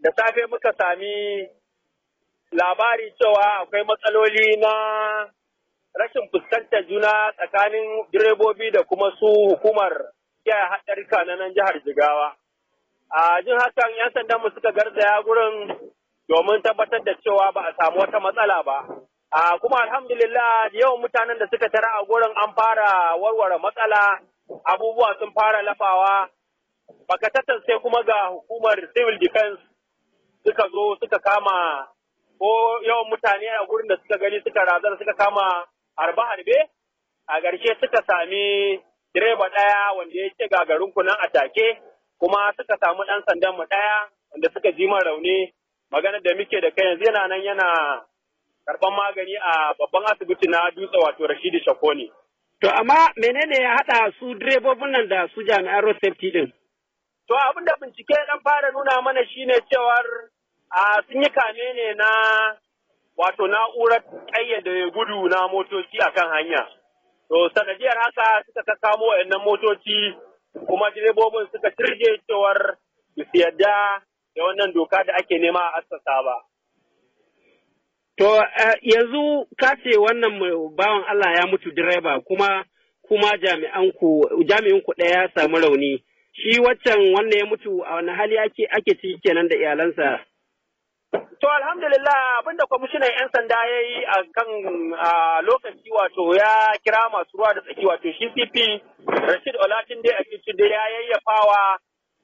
da safe muka sami labari cewa akwai matsaloli na rashin fuskantar juna tsakanin direbobi da kuma su hukumar kiyaye haɗarika na nan jihar Jigawa. A jin hakan 'yan sandanmu suka garzaya gurin domin tabbatar da cewa ba a samu wata matsala ba. A kuma alhamdulillah da yawan mutanen da suka tara a gurin an fara warware matsala abubuwa sun fara lafawa. bakatattar sai kuma ga hukumar civil defense suka zo suka kama ko yawan mutane a gurin da suka gani suka razana suka kama harbe harbe a ƙarshe suka sami direba ɗaya wanda ya ce gagarin kunan a take kuma suka samu ɗan sandan mu ɗaya wanda suka ji man rauni maganar da muke da kai yanzu yana nan yana karɓar magani a babban asibiti na dutse wato Rashidi Shakoni. To amma menene ya haɗa su direbobin nan da su jami'an road safety din? To abin da bincike dan fara nuna mana shine cewar A sun yi kame ne na wato na'urar ƙayyade gudu na motoci akan hanya. To sanadiyar haka suka ta kamo wayannan motoci kuma direbobin suka turje cewar su yadda da wannan doka da ake nema a asasa ba. To yanzu ka ce wannan bawan Allah ya mutu direba kuma kuma ɗaya ya samu rauni. Shi waccan wannan ya mutu a wani hali ake ake ciki kenan da iyalansa. To alhamdulillah abinda kwamishinan 'yan sanda ya yi a kan lokaci wato ya kira masu ruwa da tsaki wato CCP Rashid Olatunde a cikin da ya yayyafawa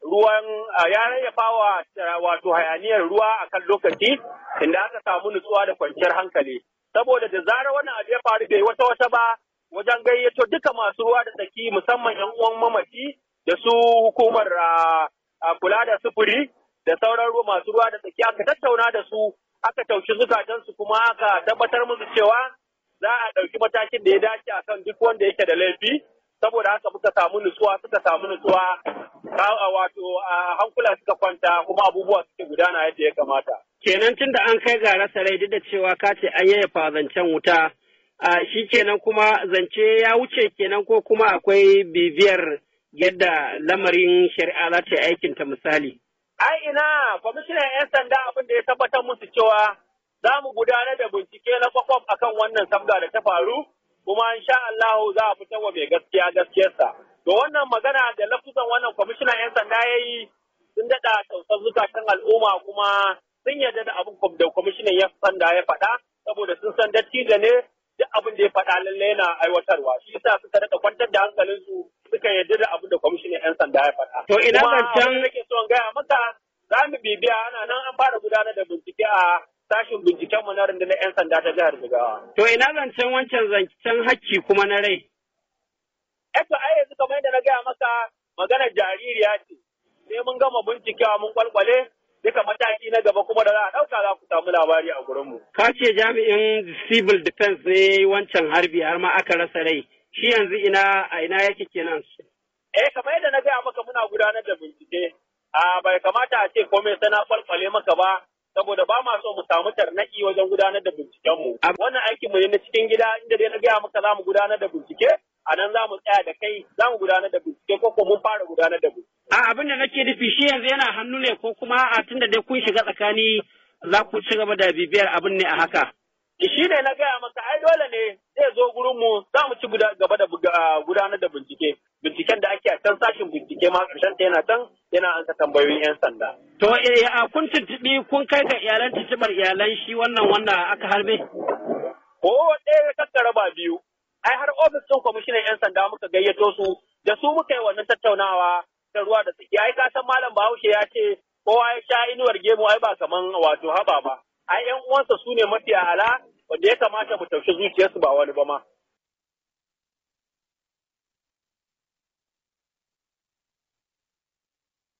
ruwan ya yayyafawa wato hayaniyar ruwa a kan lokaci inda aka samu nutsuwa da kwanciyar hankali. Saboda da zarar wannan abu ya faru bai wata wata ba wajen gayyato duka masu ruwa da tsaki musamman 'yan uwan mamaci da su hukumar kula da sufuri da sauran ruwa masu ruwa da tsaki aka tattauna da su aka taushi zukatansu kuma aka tabbatar musu cewa za a ɗauki matakin da ya dace a kan duk wanda yake da laifi saboda haka muka samu nutsuwa suka samu nutsuwa A wato hankula suka kwanta kuma abubuwa suke gudana yadda ya kamata. Kenan tun da an kai ga rasa rai duk da cewa ka ce an yayyafa zancen wuta shi kenan kuma zance ya wuce kenan ko kuma akwai bibiyar yadda lamarin shari'a za ta aikinta misali. Ai ina kwamishinan 'yan sanda abin da ya tabbatar musu cewa za mu gudanar da bincike na kwakwaf akan wannan sabga da ta faru kuma insha Allah za a fitar wa mai gaskiya gaskiyarsa. To wannan magana da lafuzan wannan kwamishinan 'yan sanda ya yi sun daɗa tausar zukatan al'umma kuma sun yarda da abin da kwamishinan 'yan sanda ya faɗa saboda sun san dattijo ne duk abin da ya faɗa lallai yana aiwatarwa. Shi yasa suka daɗa kwantar da hankalinsu suka yarda da abin da kwamishinan 'yan sanda ya faɗa. To ina zancen nake son gaya maka za mu bibiya ana nan an fara gudanar da bincike a sashin binciken mu na rundunar 'yan sanda ta jihar Jigawa. To ina zancen wancan zancen hakki kuma na rai. Eto eh, ai yanzu kamar yadda na gaya maka maganar jaririya ce. Sai mun gama bincikewa mun kwalkwale duka mataki na gaba kuma da za a ɗauka za ku samu labari a gurinmu. Ka ce jami'in civil defense ne wancan harbi har ma aka rasa rai. shi yanzu ina a ina yake kenan su. eh kamar yadda na gaya maka muna gudanar da bincike a bai kamata a ce komai sana falfale maka ba saboda ba ma so mu samu tarnaki wajen gudanar da binciken mu wannan aikin mu ne na cikin gida inda dai na gaya maka za mu gudanar da bincike a nan za mu tsaya da kai za mu gudanar da bincike ko ko mun fara gudanar da bincike. A abin da nake nufi shi yanzu yana hannu ne ko kuma a tunda dai kun shiga tsakani za ku ci gaba da bibiyar abin ne a haka. Shi ne na gaya maka ai dole ne zai zo gurin za mu ci gaba da ah, gudanar da bincike. Binciken da ake a can sashin bincike ma ƙarshen ta yana can yana ansa tambayoyin 'yan sanda. To eh, a ah, kun tuntuɓi kun kai ga iyalan tuntuɓar iyalan shi wannan wanda aka harbe? Ko ɗaya tattara raba biyu. Ai har ofis ɗin kwamishinan 'yan sanda muka gayyato su da su muka yi wannan tattaunawa da ruwa da tsaki. Ai ka san malam Bahaushe ya ce kowa ya sha inuwar gemu ai ba kaman wato haba ba. ai yan uwansa su ne mafi ala wanda ya kamata mu taushe zuciyarsu ba wani ba ma